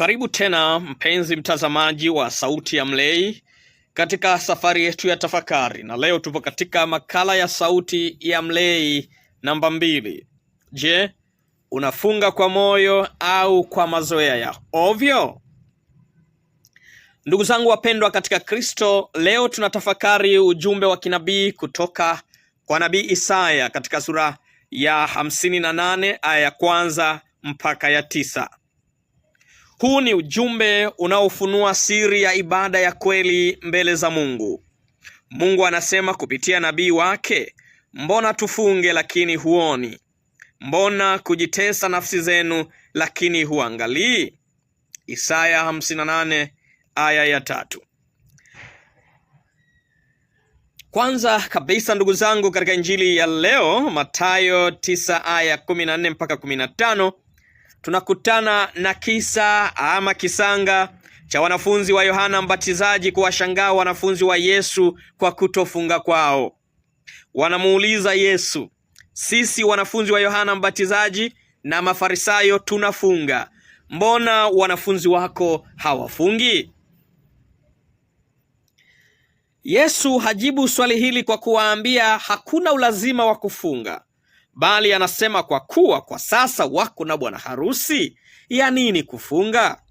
Karibu tena mpenzi mtazamaji wa Sauti ya Mlei katika safari yetu ya tafakari, na leo tupo katika makala ya Sauti ya Mlei namba mbili. Je, unafunga kwa moyo au kwa mazoea ya ovyo? Ndugu zangu wapendwa katika Kristo, leo tunatafakari ujumbe wa kinabii kutoka kwa nabii Isaya katika sura ya hamsini na nane aya ya kwanza mpaka ya tisa. Huu ni ujumbe unaofunua siri ya ibada ya kweli mbele za Mungu. Mungu anasema kupitia nabii wake, mbona tufunge lakini huoni? Mbona kujitesa nafsi zenu lakini huangalii? Isaya 58 aya ya tatu. Kwanza kabisa ndugu zangu, katika injili ya leo Mathayo 9 aya 14 mpaka 15 tunakutana na kisa ama kisanga cha wanafunzi wa Yohana Mbatizaji kuwashangaa wanafunzi wa Yesu kwa kutofunga kwao. Wanamuuliza Yesu, sisi wanafunzi wa Yohana Mbatizaji na Mafarisayo tunafunga, mbona wanafunzi wako hawafungi? Yesu hajibu swali hili kwa kuwaambia hakuna ulazima wa kufunga bali anasema kwa kuwa kwa sasa wako na bwana harusi, ya nini kufunga?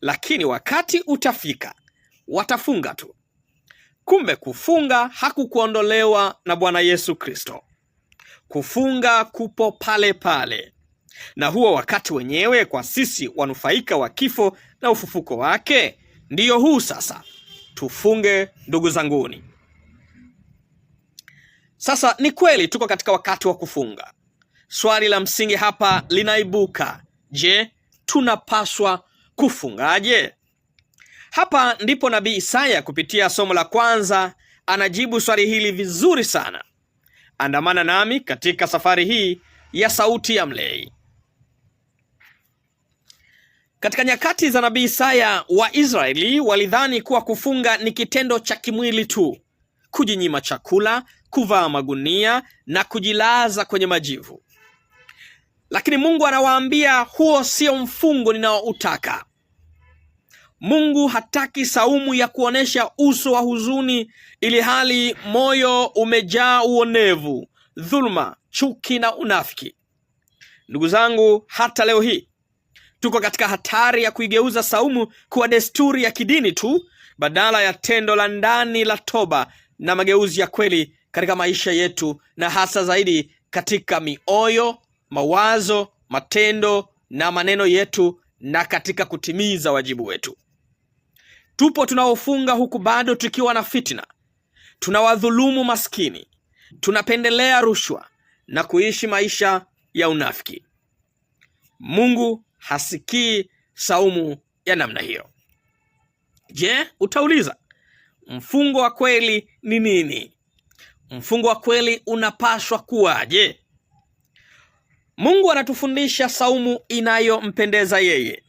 Lakini wakati utafika watafunga tu. Kumbe kufunga hakukuondolewa na Bwana Yesu Kristo. Kufunga kupo pale pale, na huo wakati wenyewe kwa sisi wanufaika wa kifo na ufufuko wake ndiyo huu sasa. Tufunge ndugu zanguni. Sasa ni kweli tuko katika wakati wa kufunga. Swali la msingi hapa linaibuka, je, tunapaswa kufungaje? Hapa ndipo nabii Isaya kupitia somo la kwanza anajibu swali hili vizuri sana. Andamana nami katika safari hii ya Sauti ya Mlei. Katika nyakati za nabii Isaya, Waisraeli walidhani kuwa kufunga ni kitendo cha kimwili tu, kujinyima chakula kuvaa magunia na kujilaza kwenye majivu. Lakini Mungu anawaambia huo sio mfungo ninaoutaka. Mungu hataki saumu ya kuonyesha uso wa huzuni, ili hali moyo umejaa uonevu, dhuluma, chuki na unafiki. Ndugu zangu, hata leo hii tuko katika hatari ya kuigeuza saumu kuwa desturi ya kidini tu badala ya tendo la ndani la toba na mageuzi ya kweli katika maisha yetu na hasa zaidi katika mioyo, mawazo, matendo na maneno yetu na katika kutimiza wajibu wetu. Tupo tunaofunga huku bado tukiwa na fitina, tunawadhulumu maskini, tunapendelea rushwa na kuishi maisha ya unafiki. Mungu hasikii saumu ya namna hiyo. Je, utauliza mfungo wa kweli ni nini? Mfungo wa kweli unapaswa kuwaje? Mungu anatufundisha saumu inayompendeza yeye,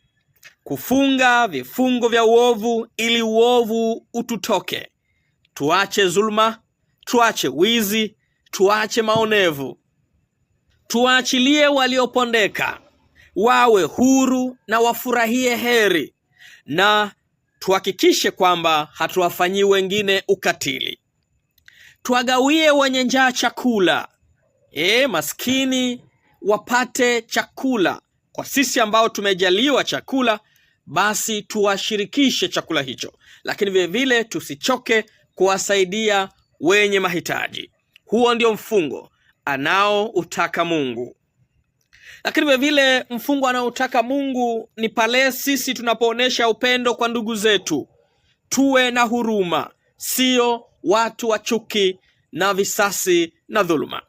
kufunga vifungo vya uovu ili uovu ututoke, tuache zuluma tuache wizi, tuache maonevu, tuwaachilie waliopondeka wawe huru na wafurahie heri, na tuhakikishe kwamba hatuwafanyii wengine ukatili tuwagawie wenye njaa chakula, e, maskini wapate chakula. Kwa sisi ambao tumejaliwa chakula, basi tuwashirikishe chakula hicho, lakini vilevile tusichoke kuwasaidia wenye mahitaji. Huo ndio mfungo anaoutaka Mungu, lakini vilevile mfungo anaoutaka Mungu ni pale sisi tunapoonyesha upendo kwa ndugu zetu, tuwe na huruma, sio watu wa chuki na visasi na dhuluma.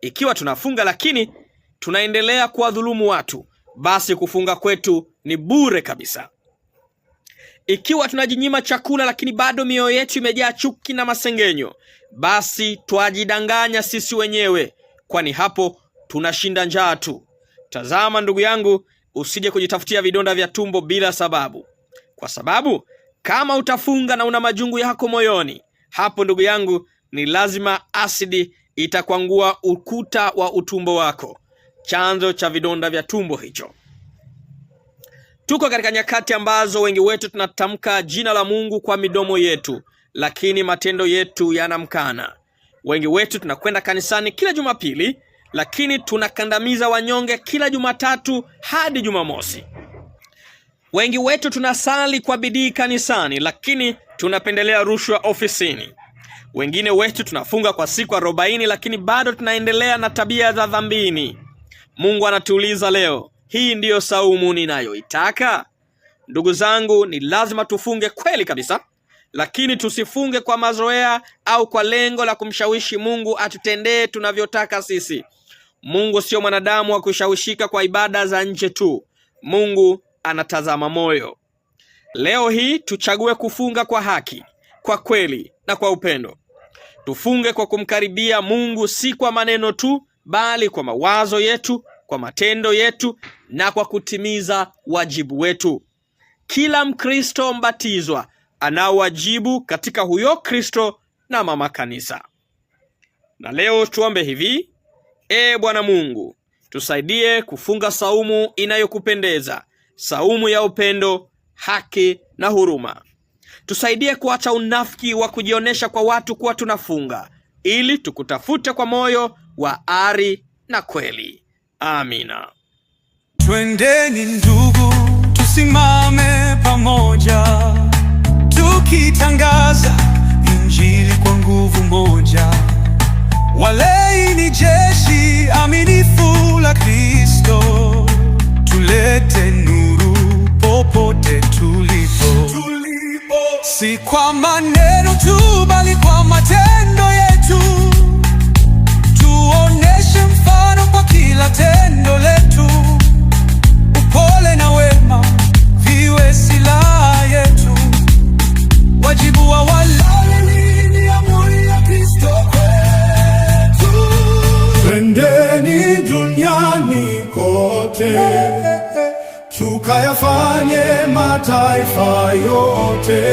Ikiwa tunafunga lakini tunaendelea kuwadhulumu watu, basi kufunga kwetu ni bure kabisa. Ikiwa tunajinyima chakula lakini bado mioyo yetu imejaa chuki na masengenyo, basi twajidanganya sisi wenyewe, kwani hapo tunashinda njaa tu. Tazama ndugu yangu, usije kujitafutia vidonda vya tumbo bila sababu, kwa sababu kama utafunga na una majungu yako moyoni, hapo ndugu yangu, ni lazima asidi itakwangua ukuta wa utumbo wako, chanzo cha vidonda vya tumbo hicho. Tuko katika nyakati ambazo wengi wetu tunatamka jina la Mungu kwa midomo yetu, lakini matendo yetu yanamkana. Wengi wetu tunakwenda kanisani kila Jumapili, lakini tunakandamiza wanyonge kila Jumatatu hadi Jumamosi. Wengi wetu tunasali kwa bidii kanisani, lakini tunapendelea rushwa ofisini. Wengine wetu tunafunga kwa siku arobaini, lakini bado tunaendelea na tabia za dhambini. Mungu anatuuliza leo, hii ndiyo saumu ninayoitaka? Ndugu zangu, ni lazima tufunge kweli kabisa, lakini tusifunge kwa mazoea au kwa lengo la kumshawishi Mungu atutendee tunavyotaka sisi. Mungu sio mwanadamu wa kushawishika kwa ibada za nje tu. Mungu anatazama moyo. Leo hii tuchague kufunga kwa haki, kwa kweli na kwa upendo. Tufunge kwa kumkaribia Mungu, si kwa maneno tu, bali kwa mawazo yetu, kwa matendo yetu na kwa kutimiza wajibu wetu. Kila Mkristo mbatizwa anao wajibu katika huyo Kristo na mama kanisa. Na leo tuombe hivi: E Bwana Mungu, tusaidie kufunga saumu inayokupendeza saumu ya upendo, haki na huruma. Tusaidie kuacha unafiki wa kujionyesha kwa watu kuwa tunafunga, ili tukutafute kwa moyo wa ari na kweli. Amina. Twendeni ndugu, tusimame pamoja, tukitangaza Injili kwa nguvu moja. Walei ni jeshi aminifu la Kristo, tulete nuru tulipo, tulipo, si kwa maneno tu, bali kwa matendo yetu. Tuoneshe mfano kwa kila tendo letu, upole na wema viwe silaha yetu, wajibu wa Twendeni duniani kote ukayafanye mataifa yote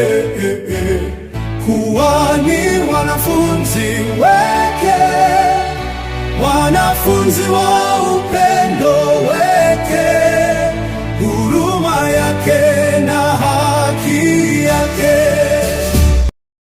kuwa ni wanafunzi weke, wanafunzi wa